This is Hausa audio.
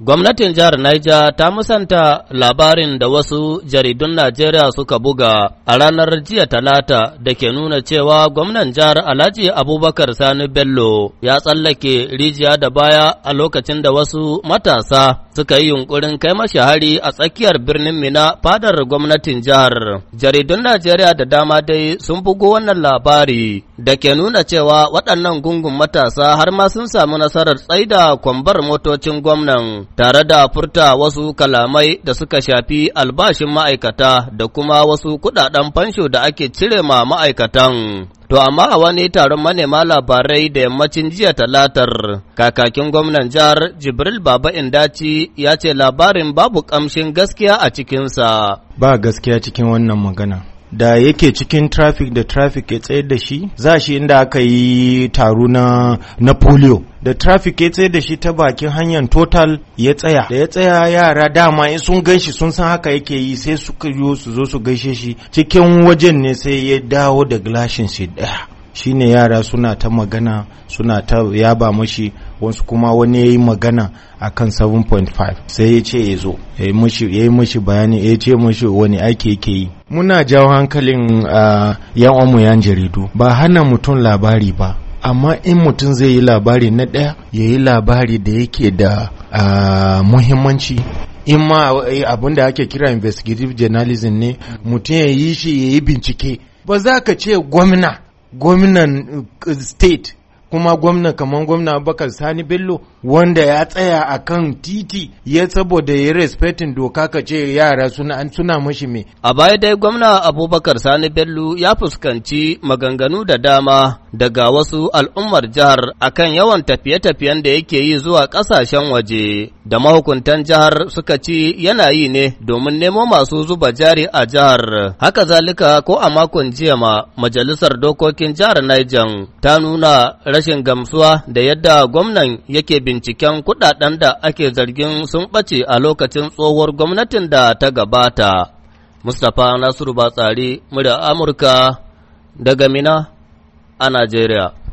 Gwamnatin jihar Niger ta musanta labarin da wasu jaridun Najeriya suka buga a ranar jiya talata da ke nuna cewa gwamnan jihar Alhaji Abubakar Sani Bello ya tsallake rijiya da baya a lokacin da wasu matasa suka yi yunkurin kai mashi hari a tsakiyar birnin Mina fadar gwamnatin jihar. Jaridun Najeriya da dama dai sun bugo wannan labari da ke nuna cewa waɗannan gungun matasa har ma sun samu nasarar tsaida kwambar motocin gwamnan tare da furta wasu kalamai da suka shafi albashin ma'aikata da kuma wasu kuɗaɗen fansho da ake cire ma ma'aikatan. To amma a wani taron manema labarai da yammacin jiya talatar, kakakin gwamnan jihar Jibril Baba Indaci ya ce labarin babu kamshin gaskiya a cikinsa. Ba gaskiya cikin wannan magana. da yake cikin traffic da traffic ya tsayar da shi za shi inda aka yi taro na na polio da traffic ya tsaye da shi ta bakin hanyar total ya tsaya da ya tsaya yara dama in sun gan sun san haka yake yi sai suka yi su zo su gaishe shi cikin wajen ne sai ya dawo da glashin shi daya shine yara suna ta magana suna ta yaba mashi wasu kuma wani ya yi magana a kan 7.5 sai ya ce ya zo ya yi mashi bayani ya ce mashi wani ake ke yi muna jawo hankalin uh, yan omu yan jaridu ba hana mutum labari ba amma in mutum zai yi labari na ɗaya ya yi labari da yake da uh, muhimmanci in ma eh, abin da ake kira investigative journalism ne mutum ya yi shi ya yi bincike ba za ka ce gwamna gwamnan uh, state kuma gwamna kamar gwamna abubakar sani bello wanda ya tsaya a kan titi ya saboda ya respectin doka ka ce yara suna an suna mashi me a baya dai gwamna abubakar sani bello ya fuskanci maganganu da dama daga wasu al'ummar jihar akan yawan tafiye-tafiyen da yake yi zuwa ƙasashen waje da mahukuntan jihar suka ci yana yi ne domin nemo masu zuba jari a jihar. Haka zalika ko a makon jiya ma majalisar dokokin jihar Niger ta nuna rashin gamsuwa da yadda gwamnan yake binciken kuɗaɗen da ake zargin sun ɓace a lokacin tsohuwar gwamnatin da ta gabata. Mustapha Nasiru Batsari, murya Amurka, daga Mina. a Najeriya.